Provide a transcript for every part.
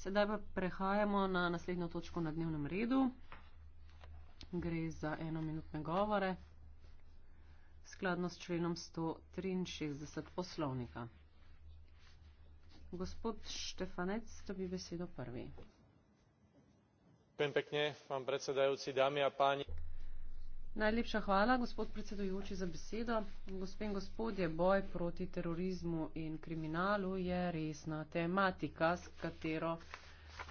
Sedaj pa prehajamo na naslednjo točko na dnevnem redu. Gre za enominutne govore, skladno s členom 163 poslovnika. Gospod Štefanec, dobi besedo prvi. Pekne, vam predsedajoci, dame in panje. Najlepša hvala, gospod predsedujoči, za besedo. Gospe in gospodje, boj proti terorizmu in kriminalu je resna tematika, s katero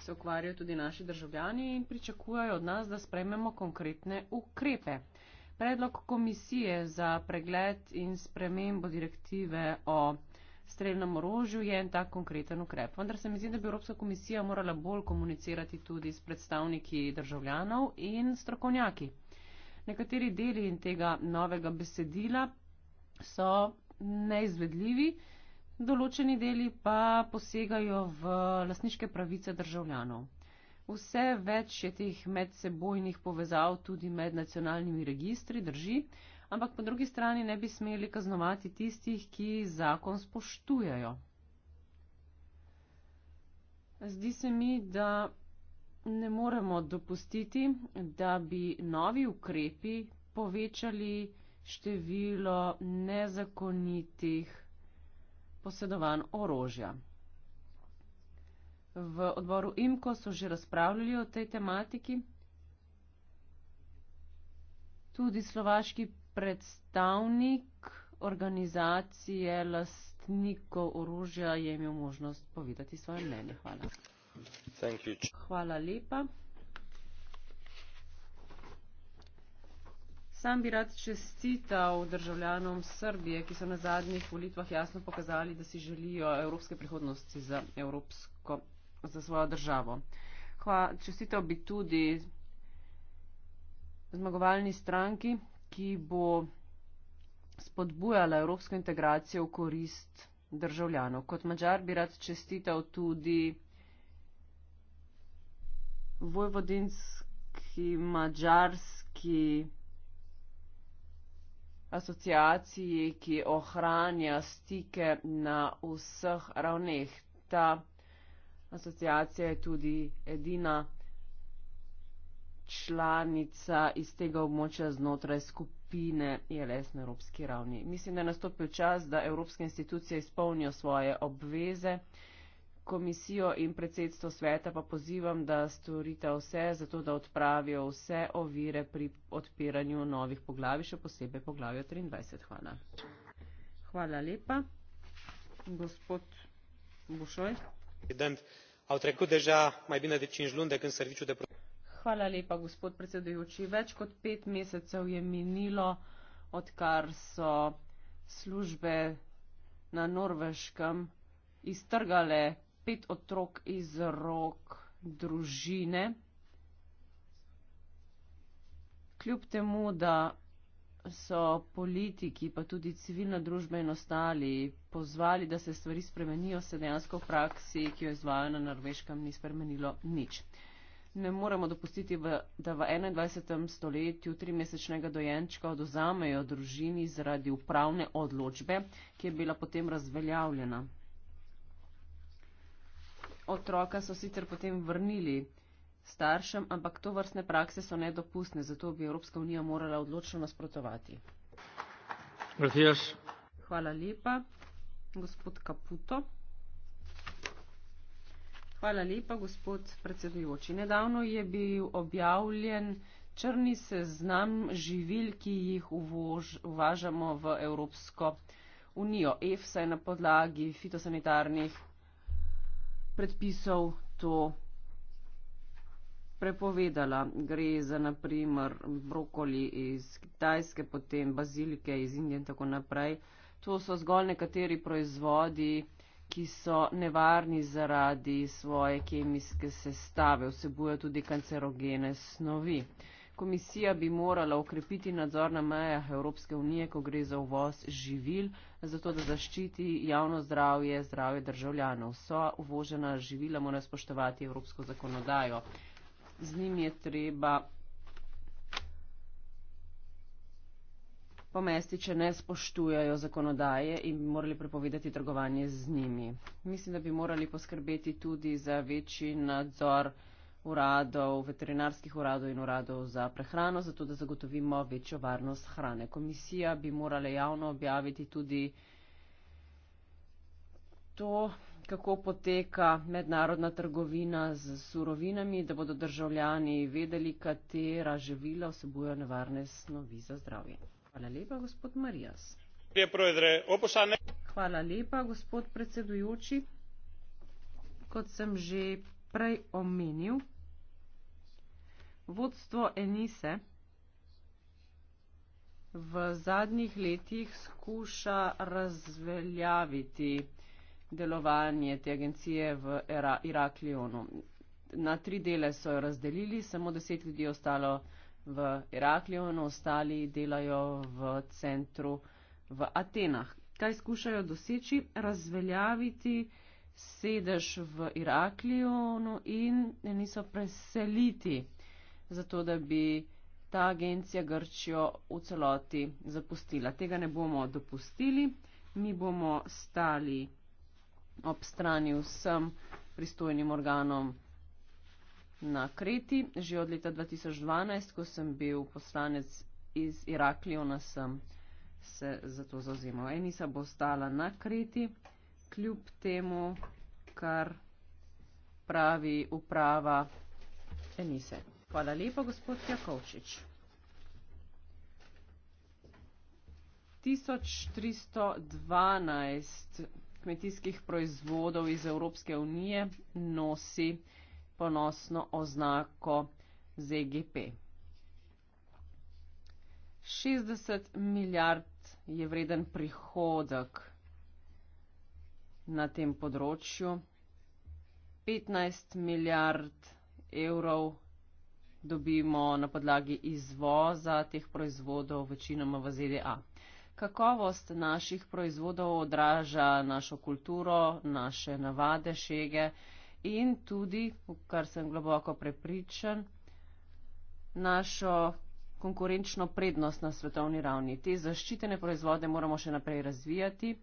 se ukvarjajo tudi naši državljani in pričakujejo od nas, da sprememo konkretne ukrepe. Predlog komisije za pregled in spremembo direktive o streljnem orožju je en tak konkreten ukrep. Vendar se mi zdi, da bi Evropska komisija morala bolj komunicirati tudi s predstavniki državljanov in strokovnjaki nekateri deli in tega novega besedila so neizvedljivi, določeni deli pa posegajo v lasniške pravice državljanov. Vse več je teh medsebojnih povezav tudi med nacionalnimi registri, drži, ampak po drugi strani ne bi smeli kaznovati tistih, ki zakon spoštujajo. Zdi se mi, da ne moremo dopustiti, da bi novi ukrepi povečali število nezakonitih posedovanj orožja. V odboru IMKO so že razpravljali o tej tematiki. Tudi slovaški predstavnik organizacije lastnikov orožja je imel možnost povedati svoje mnenje. Hvala. Sam bi rad čestital državljanom Srbije, ki so na zadnjih volitvah jasno pokazali, da si želijo evropske prihodnosti za, evropsko, za svojo državo. Hvala, čestital bi tudi zmagovalni stranki, ki bo spodbujala evropsko integracijo v korist državljanov. Kot mačar bi rad čestital tudi vojvodinski, mađarski asociaciji, ki ohranja stike na vseh ravneh. Ta asociacija je tudi edina članica iz tega območja znotraj skupine ILS na evropski ravni. Mislim, da je nastopil čas, da evropske institucije izpolnijo svoje obveze komisijo in predsedstvo sveta pa pozivam, da storite vse, zato da odpravijo vse ovire pri odpiranju novih poglavi, še posebej poglavijo 23. Hvala. Hvala lepa. Gospod Bušoj. Au trecut deja mai bine de 5 luni de când serviciul de Hvala lepa, gospod predsedujoči. Več kot pet mesecev je minilo, odkar so službe na Norveškem iztrgale pet otrok iz rok družine. Kljub temu, da so politiki, pa tudi civilna družba in ostali pozvali, da se stvari spremenijo, se dejansko v praksi, ki jo izvajo na Norveškem, ni spremenilo nič. Ne moremo dopustiti, da v 21. stoletju trimesečnega dojenčka odozamejo družini zaradi upravne odločbe, ki je bila potem razveljavljena otroka so sicer potem vrnili staršem, ampak to vrstne prakse so nedopustne, zato bi Evropska unija morala odločno nasprotovati. Gracias. Hvala lepa, gospod Kaputo. Hvala lepa, gospod predsedujoči. Nedavno je bil objavljen črni seznam živil, ki jih uvož, uvažamo v Evropsko unijo. EFSA je na podlagi fitosanitarnih predpisov to prepovedala. Gre za naprimer brokoli iz Kitajske, potem bazilike iz Indije in tako naprej. To so zgolj nekateri proizvodi, ki so nevarni zaradi svoje kemijske sestave, vsebuje tudi kancerogene snovi. Komisija bi morala ukrepiti nadzor na mejah Evropske unije, ko gre za uvoz živil, zato da zaščiti javno zdravje, zdravje državljanov. Vsa uvožena živila mora spoštovati evropsko zakonodajo. Z njim je treba pomesti, če ne spoštujajo zakonodaje in bi morali prepovedati trgovanje z njimi. Mislim, da bi morali poskrbeti tudi za večji nadzor uradov, veterinarskih uradov in uradov za prehrano, zato da zagotovimo večjo varnost hrane. Komisija bi morala javno objaviti tudi to, kako poteka mednarodna trgovina z surovinami, da bodo državljani vedeli, katera živila vsebujejo nevarne snovi za zdravje. Hvala lepa, gospod Marijas. Hvala lepa, gospod predsedujoči. Kot sem že prej omenil, vodstvo Enise v zadnjih letih skuša razveljaviti delovanje te agencije v Irak-Lionu. Na tri dele so jo razdelili, samo deset ljudi je ostalo v Irak-Lionu, ostali delajo v centru v Atenah. Kaj skušajo doseči? Razveljaviti sedež v Iraklionu no, in niso preseliti, zato da bi ta agencija Grčijo v celoti zapustila. Tega ne bomo dopustili, mi bomo stali ob strani vsem pristojnim organom na Kreti. Že od leta 2012, ko sem bil poslanec iz Iraklijona, sem se za to zauzemal. Enisa bo stala na Kreti kljub temu, kar pravi uprava Enise. Hvala lepa, gospod Jakovčič. 1312 kmetijskih proizvodov iz Evropske unije nosi ponosno oznako ZGP. 60 milijard je vreden prihodek na tem področju. 15 milijard evrov dobimo na podlagi izvoza teh proizvodov, večinoma v ZDA. Kakovost naših proizvodov odraža našo kulturo, naše navade, šege in tudi, kar sem globoko prepričan, našo konkurenčno prednost na svetovni ravni. Te zaščitene proizvode moramo še naprej razvijati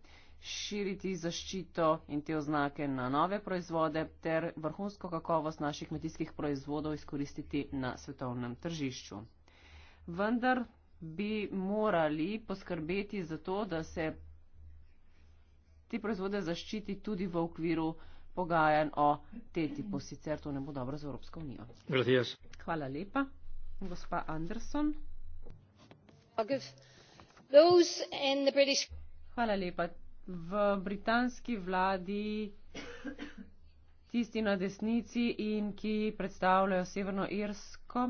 širiti zaščito in te oznake na nove proizvode ter vrhunsko kakovost naših kmetijskih proizvodov izkoristiti na svetovnem tržišču. Vendar bi morali poskrbeti za to, da se te proizvode zaščiti tudi v okviru pogajanj o TTIP-u, sicer to ne bo dobro za Evropsko unijo. Gratis. Hvala lepa. Gospa Anderson. Hvala lepa v britanski vladi tisti na desnici in ki predstavljajo Severno Irsko,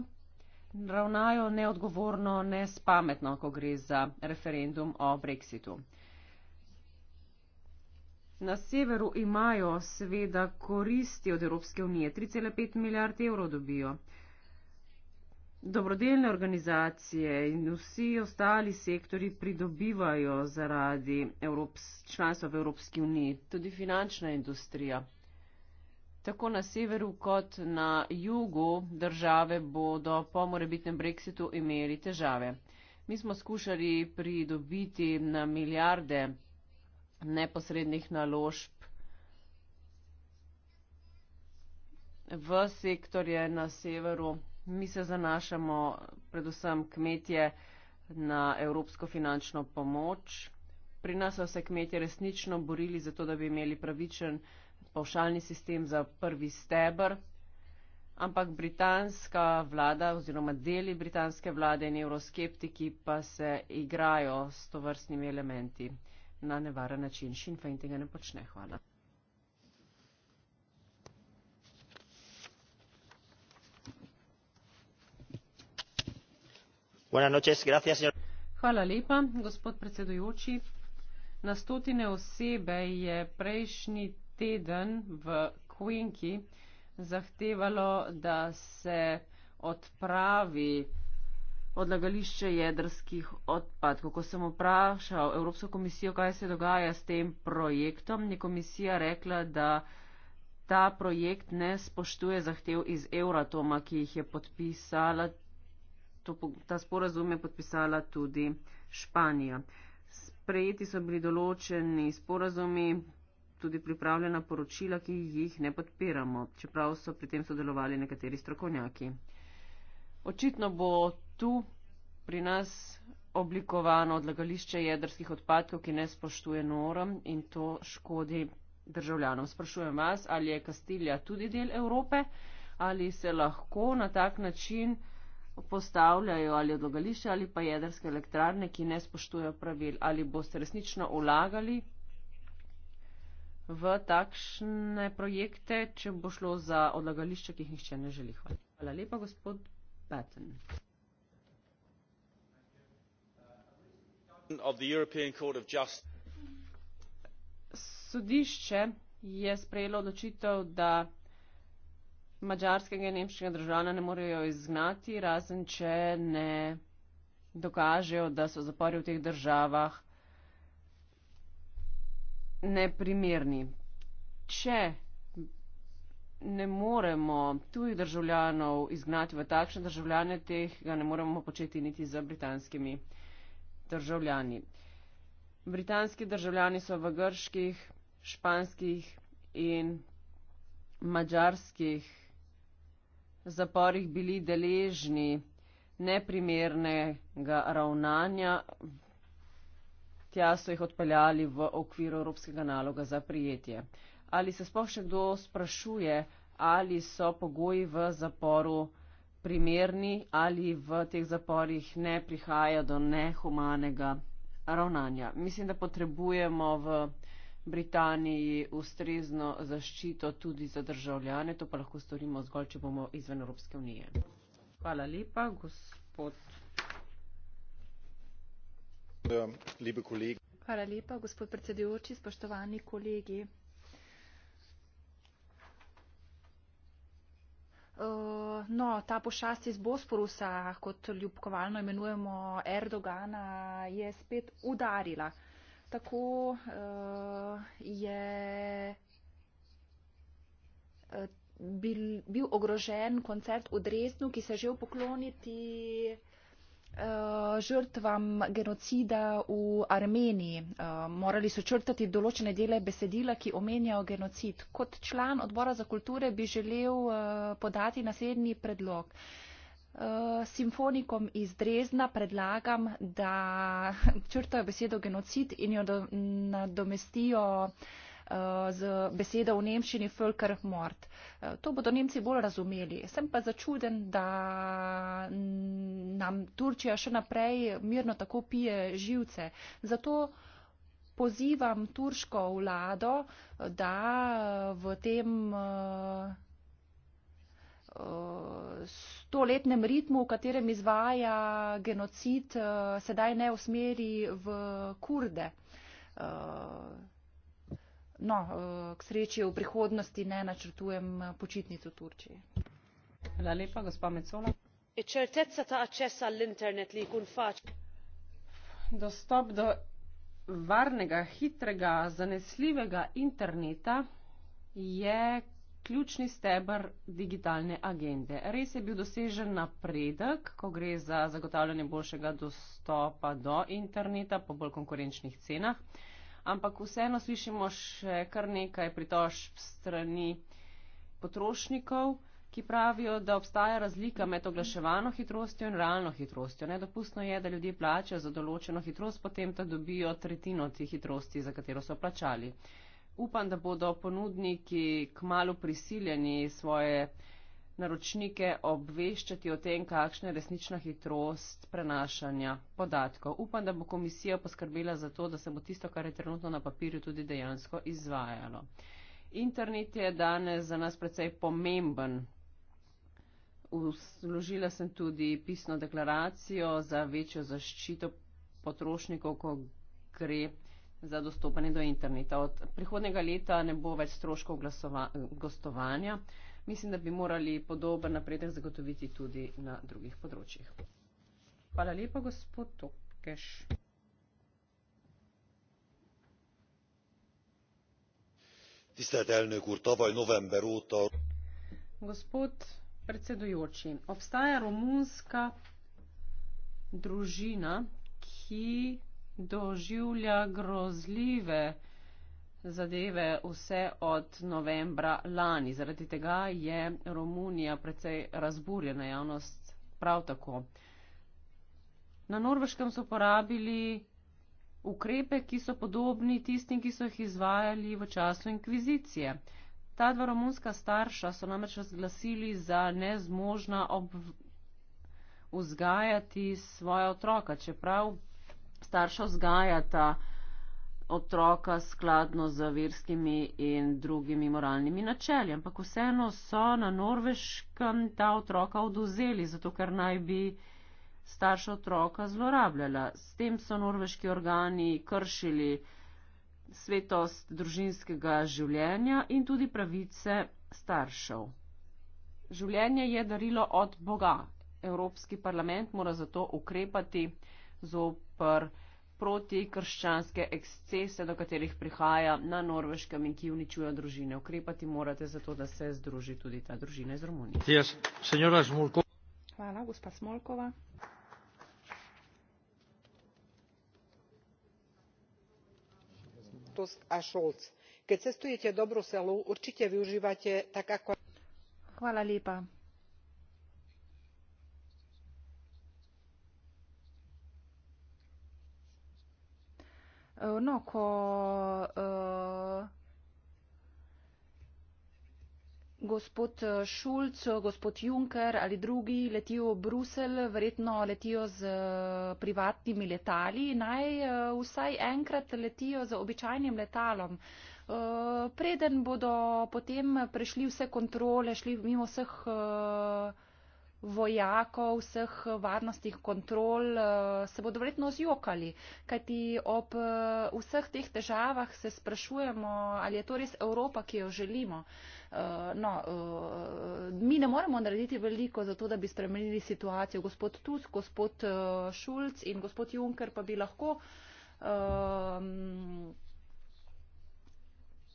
ravnajo neodgovorno, nespametno, ko gre za referendum o Brexitu. Na severu imajo seveda koristi od Evropske unije, 3,5 milijard evrov dobijo dobrodelne organizacije in vsi ostali sektori pridobivajo zaradi Evrops, članstva v Evropski uniji, tudi finančna industrija. Tako na severu kot na jugu države bodo po morebitnem brexitu imeli težave. Mi smo skušali pridobiti na milijarde neposrednih naložb v sektorje na severu. Mi se zanašamo predvsem kmetje na evropsko finančno pomoč. Pri nas so se kmetje resnično borili za to, da bi imeli pravičen pavšalni sistem za prvi stebr. Ampak britanska vlada oziroma deli britanske vlade in euroskeptiki pa se igrajo s to vrstnimi elementi na nevaren način. Šinfein tega ne počne. Hvala. Hvala lepa, gospod predsedujoči. Na stotine osebe je prejšnji teden v Kvinki zahtevalo, da se odpravi odlagališče jedrskih odpadkov. Ko sem vprašal Evropsko komisijo, kaj se dogaja s tem projektom, je komisija rekla, da ta projekt ne spoštuje zahtev iz Euratoma, ki jih je podpisala to, ta sporazum je podpisala tudi Španija. Sprejeti so bili določeni sporazumi, tudi pripravljena poročila, ki jih ne podpiramo, čeprav so pri tem sodelovali nekateri strokovnjaki. Očitno bo tu pri nas oblikovano odlagališče jedrskih odpadkov, ki ne spoštuje norm in to škodi državljanom. Sprašujem vas, ali je Kastilja tudi del Evrope, ali se lahko na tak način postavljajo ali odlogališče ali pa jedrske elektrarne, ki ne spoštujejo pravil, ali boste resnično ulagali v takšne projekte, če bo šlo za odlagališče, ki jih nišče ne želi. Hvala. Hvala lepa, gospod Patten. Sodišče je sprejelo odločitev, da mađarskega in nemškega državljana ne morejo izgnati, razen če ne dokažejo, da so zapori v teh državah neprimerni. Če ne moremo tujih državljanov izgnati v takšne državljane, teh ga ne moremo početi niti z britanskimi državljani. Britanski državljani so v grških, španskih in mađarskih zaporih bili deležni neprimernega ravnanja, tja so jih odpeljali v okviru evropskega naloga za prijetje. Ali se sploh še kdo sprašuje, ali so pogoji v zaporu primerni, ali v teh zaporih ne prihaja do nehumanega ravnanja. Mislim, da potrebujemo v Britaniji ustrezno zaščito tudi za državljane, to pa lahko storimo zgolj, če bomo izven Evropske unije. Hvala lepa, gospod. Lepe kolegi. Hvala lepa, gospod predsedujoči, spoštovani kolegi. No, ta pošast iz Bosporusa, kot ljubkovalno imenujemo Erdogana, je spet udarila tako uh, je eh, bil, bil ogrožen koncert v Dresnu, ki se je že upokloniti eh, žrtvam genocida v Armeniji. Morali so črtati določene dele besedila, ki omenjajo genocid. Kot član odbora za kulture bi želel podati naslednji predlog. Eh, simfonikom iz Drezna predlagam, da črtajo besedo genocid in jo nadomestijo eh, z besedo v nemščini Völker Mord. Eh, to bodo Nemci bolj razumeli. Sem pa začuden, da nam Turčija še naprej mirno tako pije živce. Zato pozivam turško vlado, da v tem stoletnem ritmu, v katerem izvaja genocid, eh, sedaj ne usmeri v kurde. Eh, no, eh, k sreči v prihodnosti ne načrtujem počitnic v Turčiji. Hvala lepa, gospa Mecola. Črteca ta čas ali internet, li kun fač. Dostop do varnega, hitrega, zanesljivega interneta je ključni stebr digitalne agende. Res je bil dosežen napredek, ko gre za zagotavljanje boljšega dostopa do interneta po bolj konkurenčnih cenah, ampak vseeno slišimo še kar nekaj pritožb strani potrošnikov, ki pravijo, da obstaja razlika med oglaševano hitrostjo in realno hitrostjo. Nedopustno je, da ljudje plačajo za določeno hitrost, potem pa dobijo tretjino tih hitrosti, za katero so plačali upam, da bodo ponudniki kmalo prisiljeni svoje naročnike obveščati o tem, kakšna je resnična hitrost prenašanja podatkov. Upam, da bo komisija poskrbela za to, da se bo tisto, kar je trenutno na papirju, tudi dejansko izvajalo. Internet je danes za nas precej pomemben. Vložila sem tudi pisno deklaracijo za večjo zaščito potrošnikov, ko gre za dostopanje do interneta. Od prihodnega leta ne bo več stroškov gostovanja. Mislim, da bi morali podoben napredek zagotoviti tudi na drugih področjih. Hvala lepa, gospod Tokeš. Tisteljne elnök úr, tavaly november óta. Gospod predsedujoči, obstaja romunska družina, ki doživlja grozljive zadeve vse od novembra lani. Zaradi tega je Romunija precej razburjena javnost prav tako. Na Norveškem so uporabili ukrepe, ki so podobni tistim, ki so jih izvajali v času inkvizicije. Ta dva romunska starša so namreč razglasili za nezmožna ob vzgajati svoja otroka, čeprav starša vzgajata otroka skladno z verskimi in drugimi moralnimi načelji, ampak vseeno so na norveškem ta otroka oduzeli, zato ker naj bi starša otroka zlorabljala. S tem so norveški organi kršili svetost družinskega življenja in tudi pravice staršev. Življenje je darilo od Boga. Evropski parlament mora zato ukrepati zop odprl proti krščanske ekscese, do katerih prihaja na norveškem in ki uničujejo družine. Ukrepati morate zato, da se združi tudi ta družina iz Romunije. Hvala, gospa Smolkova. A Šolc, ker se stojite dobro v selu, určite vi uživate tako, kot. Hvala lepa. Uh, no, ko uh, gospod eh, Šulc, gospod Juncker ali drugi letijo v Bruselj, verjetno letijo z uh, privatnimi letali, naj uh, vsaj enkrat letijo z običajnim letalom. Uh, preden bodo potem prešli vse kontrole, šli mimo vseh. Uh, vojakov, vseh varnostnih kontrol, eh, se bodo verjetno zjokali. Kajti ob eh, vseh teh težavah se sprašujemo, ali je to res Evropa, ki jo želimo. Eh, no, mi ne moremo narediti veliko za to, da bi spremenili situacijo. Gospod Tusk, gospod Šulc in gospod Juncker pa bi lahko. Um,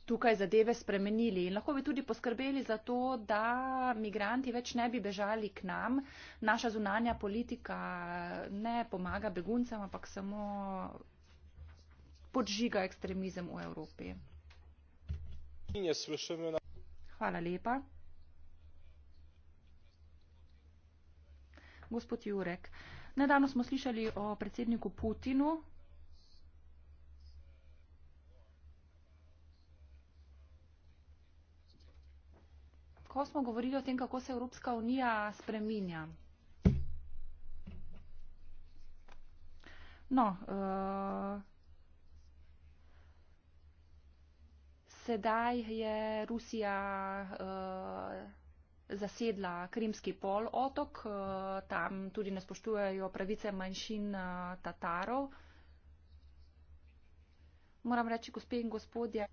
tukaj zadeve spremenili in lahko bi tudi poskrbeli za to, da migranti več ne bi bežali k nam. Naša zunanja politika ne pomaga beguncem, ampak samo podžiga ekstremizem v Evropi. Hvala lepa. Gospod Jurek, nedavno smo slišali o predsedniku Putinu, ko smo govorili o tem, kako se Evropska unija spreminja. No, uh, sedaj je Rusija uh, zasedla Krimski polotok, uh, eh, tam tudi ne spoštujejo pravice manjšin uh, Tatarov. Moram reči, gospe in gospodje.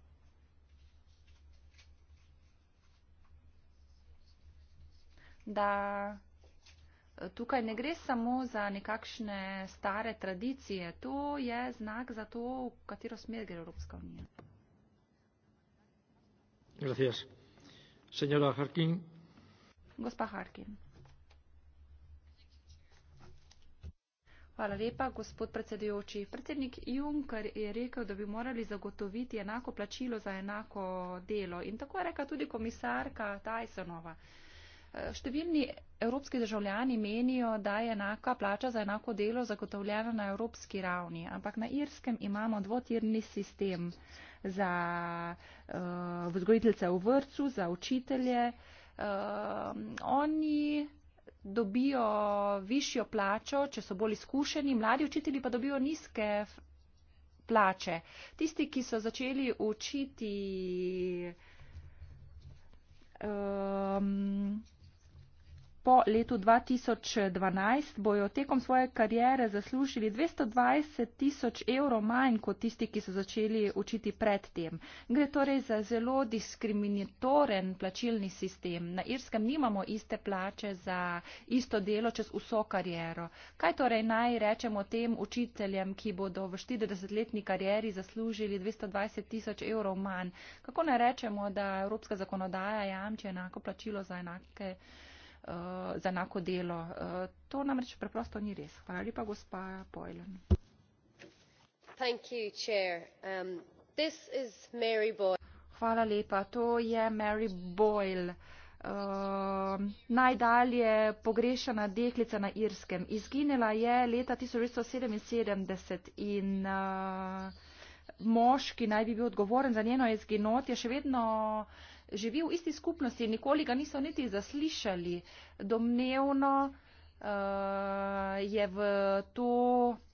da eh, tukaj ne gre samo za nekakšne stare tradicije. To je znak za to, v katero smer gre Evropska unija. Gracias. Señora Harkin. Gospa Harkin. Hvala lepa, gospod predsedujoči. Predsednik Juncker je rekel, da bi morali zagotoviti enako plačilo za enako delo. In tako je rekla tudi komisarka Tajsenova. Številni evropski državljani menijo, da je enaka plača za enako delo zagotovljena na evropski ravni, ampak na Irskem imamo dvotirni sistem za uh, eh, vzgojiteljce v vrtu, za učitelje. Uh, oni dobijo višjo plačo, če so bolj izkušeni, mladi učitelji pa dobijo nizke plače. Tisti, ki so začeli učiti. Um, po letu 2012 bojo tekom svoje kariere zaslužili 220 tisoč evrov manj kot tisti, ki so začeli učiti predtem. Gre torej za zelo diskriminatoren plačilni sistem. Na Irskem nimamo iste plače za isto delo čez vso kariero. Kaj torej naj rečemo tem učiteljem, ki bodo v 40-letni karieri zaslužili 220 tisoč evrov manj? Kako naj rečemo, da evropska zakonodaja jamči enako plačilo za enake Eh, za enako delo. Eh, to namreč preprosto ni res. Hvala lepa, gospa Pojlen. Um, Hvala lepa, to je Mary Boyle. Uh, najdalje pogrešana deklica na Irskem. Izginila je leta 1977 in uh, moški naj bi bil odgovoren za njeno izginot, je še vedno uh, živi v isti skupnosti, nikoli ga niso niti zaslišali. Domnevno uh, je v, to,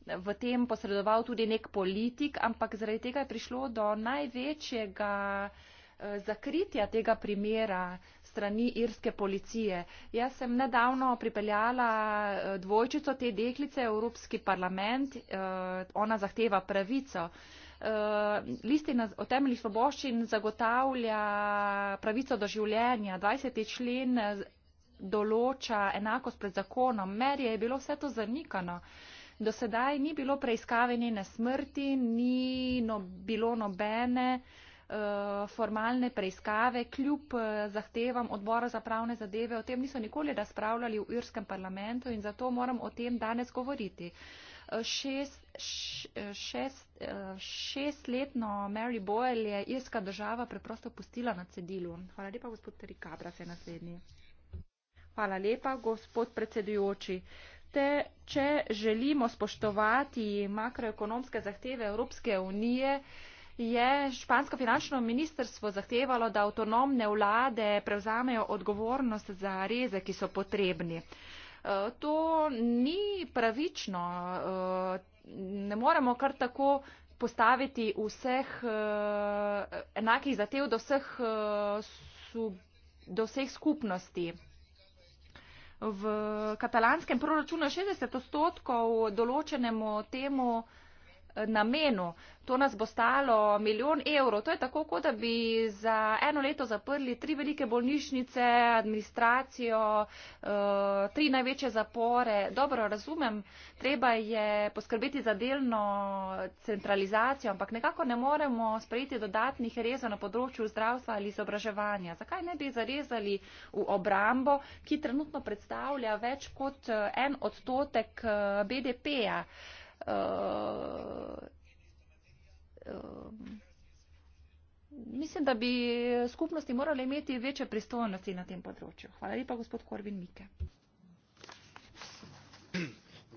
v tem posredoval tudi nek politik, ampak zaradi tega je prišlo do največjega uh, zakritja tega primera strani irske policije. Jaz sem nedavno pripeljala eh, dvojčico te deklice v Evropski parlament, uh, ona zahteva pravico. Uh, Eh, listina o temeljih svoboščin zagotavlja pravico do življenja. 20. člen eh, določa enakost pred zakonom. Merje je bilo vse to zanikano. Do sedaj ni bilo preiskave njene smrti, ni no, bilo nobene eh, formalne preiskave, kljub zahtevam odbora za pravne zadeve. O tem niso nikoli razpravljali v irskem parlamentu in zato moram o tem danes govoriti. Uh, šest, šest, šestletno Mary Boyle je irska država preprosto pustila na cedilu. Hvala lepa, gospod Terikabra, se naslednji. Hvala lepa, gospod predsedujoči. Te, če želimo spoštovati makroekonomske zahteve Evropske unije, je špansko finančno ministrstvo zahtevalo, da avtonomne vlade prevzamejo odgovornost za reze, ki so potrebni. Uh, Eh, to ni pravično. Eh, ne moremo kar tako postaviti vseh eh, enakih zatev do vseh, do vseh skupnosti. V katalanskem proračunu je 60 odstotkov določenemu temu namenu. To nas bo stalo milijon evrov. To je tako, kot da bi za eno leto zaprli tri velike bolnišnice, administracijo, eh, tri največje zapore. Dobro, razumem, treba je poskrbeti za delno centralizacijo, ampak nekako ne moremo sprejeti dodatnih rezov na področju zdravstva ali izobraževanja. Zakaj ne bi zarezali v obrambo, ki trenutno predstavlja več kot eh, en odstotek eh, BDP-ja? Eh, eh, mislim, da bi skupnosti morali imeti večje pristojnosti na tem področju. Hvala lepa, gospod Korvin Mike.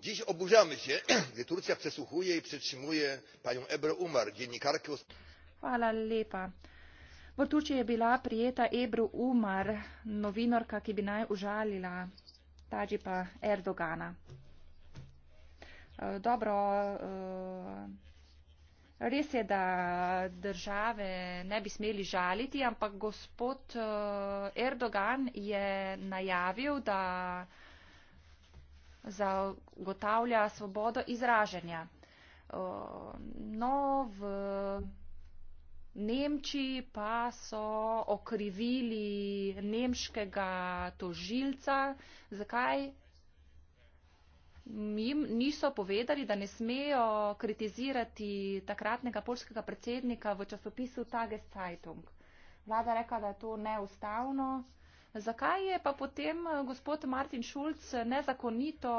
Dziś oburzamy się, gdy Turcja przesłuchuje i przetrzymuje panią Ebro Umar, dziennikarkę. Hvala lepa. V Turčiji je bila prijeta Ebru Umar, novinarka, ki bi naj užalila Tadžipa Erdogana. Eh, dobro, eh, res je, da države ne bi smeli žaliti, ampak gospod eh, Erdogan je najavil, da zagotavlja svobodo izražanja. No, v Nemčiji pa so okrivili nemškega tožilca. Zakaj? jim niso povedali, da ne smejo kritizirati takratnega polskega predsednika v časopisu Tageszeitung. Vlada reka, da je to neustavno. Zakaj je pa potem eh, gospod Martin Šulc nezakonito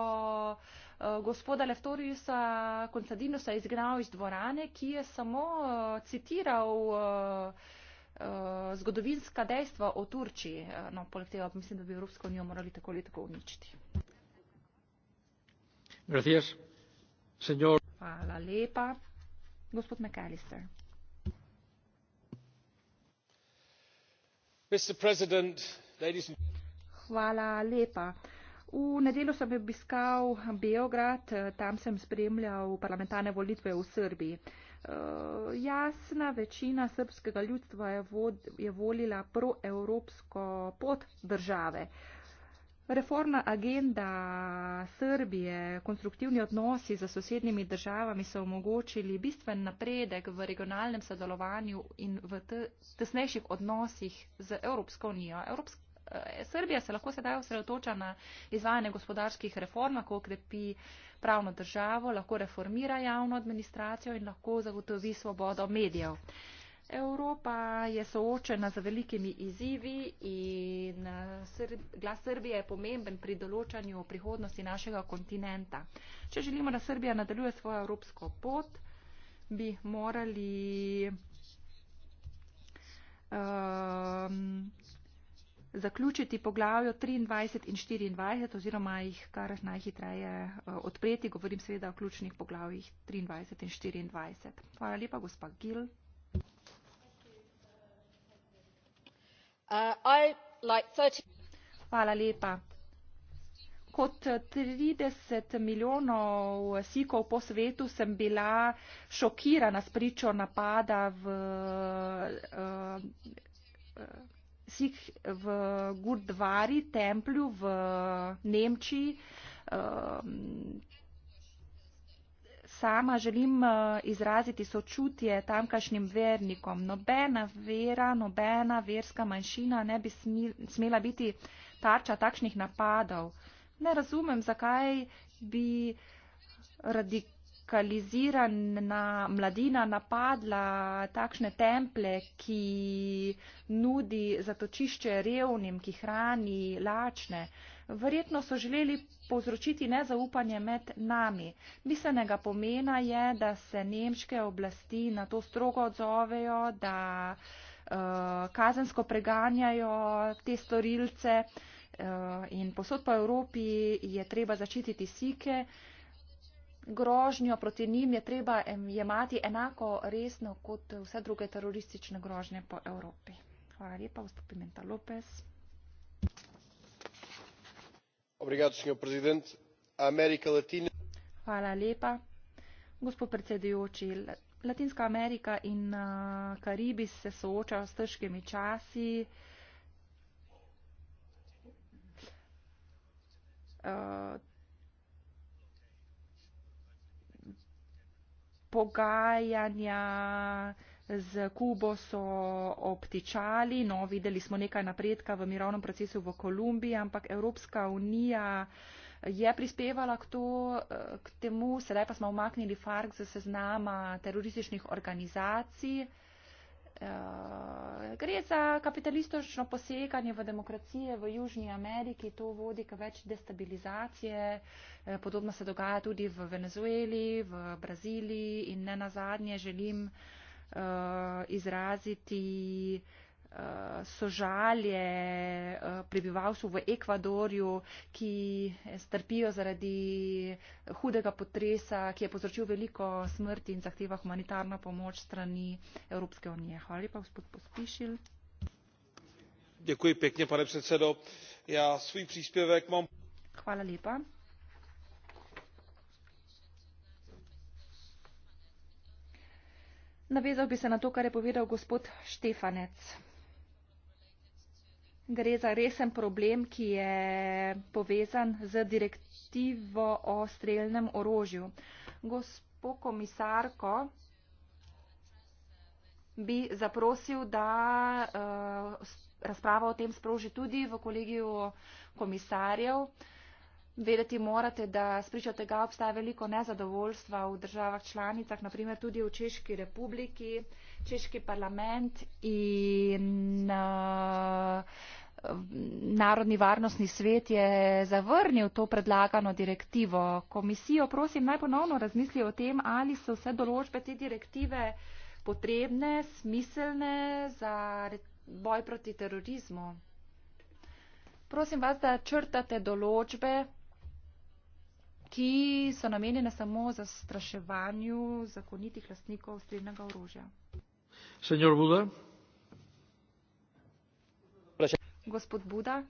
eh, gospoda Leftorijusa Konstantinusa izgnal iz dvorane, ki je samo eh, citiral zgodovinska dejstva o Turčiji? No, poleg tega mislim, da bi Evropsko unijo morali tako ali tako uničiti. Hvala lepa. Gospod McAllister. Hvala lepa. V nedelo sem obiskal Beograd, tam sem spremljal parlamentarne volitve v Srbiji. Eh, jasna večina srbskega ljudstva je, vod, je volila proevropsko pot države. Reformna agenda Srbije, konstruktivni odnosi za sosednjimi državami so omogočili bistven napredek v regionalnem sodelovanju in v tesnejših odnosih z Evropsko unijo. Evropsk eh, Srbija se lahko sedaj osredotoča na izvajanje gospodarskih reform, ko krepi pravno državo, lahko reformira javno administracijo in lahko zagotovi svobodo medijev. Evropa je soočena z velikimi izzivi in eh, glas Srbije je pomemben pri določanju prihodnosti našega kontinenta. Če želimo, da Srbija nadaljuje svojo evropsko pot, bi morali um, zaključiti poglavjo 23 in 24 oziroma jih kar najhitreje eh, odpreti. Govorim seveda o ključnih poglavjih 23 in 24. Hvala lepa, gospa Gild. Uh, Kot 30 milijonov sikov po svetu sem bila šokirana s pričo napada v, uh, uh sik v Gurdvari, templju v Nemčiji. Uh, sama želim eh, izraziti sočutje tamkajšnjim vernikom. Nobena vera, nobena verska manjšina ne bi smela biti tarča takšnih napadov. Ne razumem, zakaj bi radikalizirana mladina napadla takšne temple, ki nudi zatočišče revnim, ki hrani lačne. Uh, Verjetno so želeli povzročiti nezaupanje med nami. Miselnega pomena je, da se nemške oblasti na to strogo odzovejo, da uh, kazensko preganjajo te storilce uh, in posod po Evropi je treba začititi sike. Grožnjo proti njim je treba jemati enako resno kot vse druge teroristične grožnje po Evropi. Hvala lepa, gospod Pimenta Lopez latinska amerika in karibi se soočajo s težkimi časi pogajanja z Kubo so obtičali, no, videli smo nekaj napredka v mirovnem procesu v Kolumbiji, ampak Evropska unija je prispevala k, to, eh, k temu, sedaj pa smo omaknili FARC za seznama terorističnih organizacij. Eh, gre za kapitalistično posekanje v demokracije v Južni Ameriki, to vodi k več destabilizacije, eh, podobno se dogaja tudi v Venezueli, v Braziliji in ne nazadnje želim Eh, izraziti eh, sožalje eh, prebivalstvu v Ekvadorju, ki strpijo zaradi hudega potresa, ki je povzročil veliko smrti in zahteva humanitarna pomoč strani Evropske unije. Hvala lepa, gospod Pospišil. Děkuji pěkně, pane předsedo. Já svůj příspěvek mám. Hvala lepa. Navezal bi se na to, kar je povedal gospod Štefanec. Gre za resen problem, ki je povezan z direktivo o streljnem orožju. Gospod komisarko bi zaprosil, da uh, eh, razprava o tem sproži tudi v kolegiju komisarjev. Uh, Vedeti morate, da spričo tega obstaja veliko nezadovoljstva v državah članicah, naprimer tudi v Češki republiki, Češki parlament in eh, Narodni varnostni svet je zavrnil to predlagano direktivo. Komisijo prosim naj ponovno razmisli o tem, ali so vse določbe te direktive potrebne, smiselne za boj proti terorizmu. Prosim vas, da črtate določbe, ki so namenjene samo za straševanju zakonitih lastnikov strednega orožja. Senjor Buda. Gospod Buda.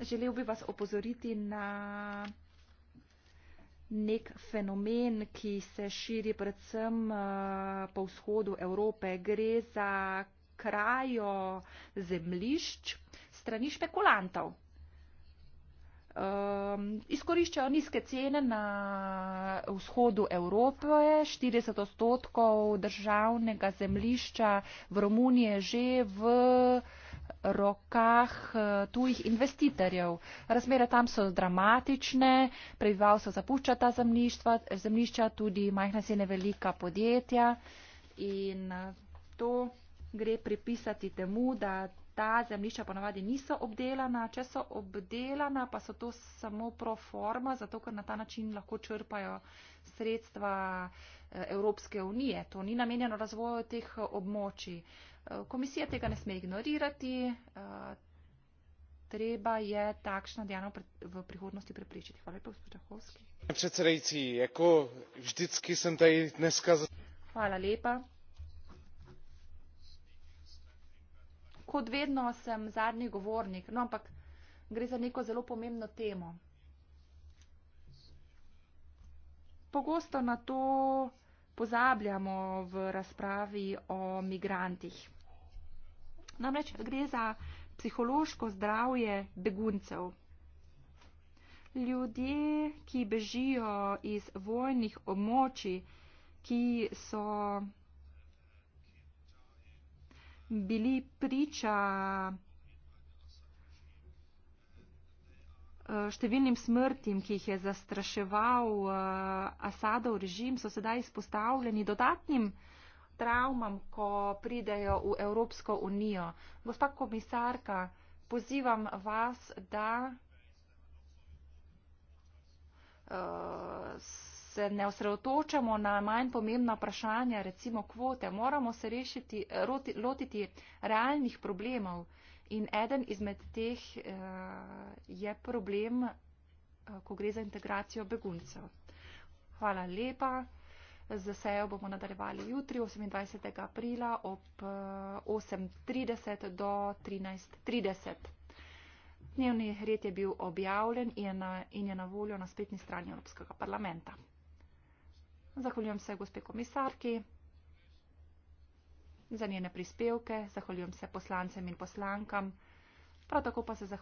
Želel bi vas opozoriti na nek fenomen, ki se širi predvsem eh, po vzhodu Evrope. Gre za krajo zemlišč strani špekulantov. Um, izkoriščajo nizke cene na vzhodu Evrope, 40 odstotkov državnega zemlišča v Romuniji je že v rokah eh, tujih investitorjev. Razmere tam so dramatične, prebivalstvo zapušča ta zemlišča, tudi majhna sene velika podjetja in eh, to gre pripisati temu, da ta zemlišča ponavadi niso obdelana, če so obdelana, pa so to samo pro forma, zato ker na ta način lahko črpajo sredstva eh, Evropske unije. To ni namenjeno razvoju teh eh, območij. Eh, komisija tega ne sme ignorirati. Treba je takšna dejanja v prihodnosti preprečiti. Hvala lepa, gospod Čahovski. Predsedajci, jako vždycky sem tady dneska. Hvala lepa. kot vedno sem zadnji govornik, no ampak gre za neko zelo pomembno temo. Pogosto na to pozabljamo v razpravi o migrantih. Namreč gre za psihološko zdravje beguncev. Ljudje, ki bežijo iz vojnih območij, ki so bili priča eh, številnim smrtim, ki jih je zastraševal eh, Asadov režim, so sedaj izpostavljeni dodatnim travmam, ko pridejo v Evropsko unijo. Gospa komisarka, pozivam vas, da s eh, se ne osredotočamo na manj pomembna vprašanja, recimo kvote, moramo se rešiti, roti, lotiti realnih problemov. In eden izmed teh uh, je problem, uh, ko gre za integracijo beguncev. Hvala lepa. Z sejo bomo nadaljevali jutri, 28. aprila ob 8.30 eh, do 13.30. Dnevni red je bil objavljen in je na voljo na spletni strani Evropskega parlamenta. Zahvaljujem se gospe komisarki za njene prispevke, zahvaljujem se poslancem in poslankam, prav tako pa se zahvaljujem.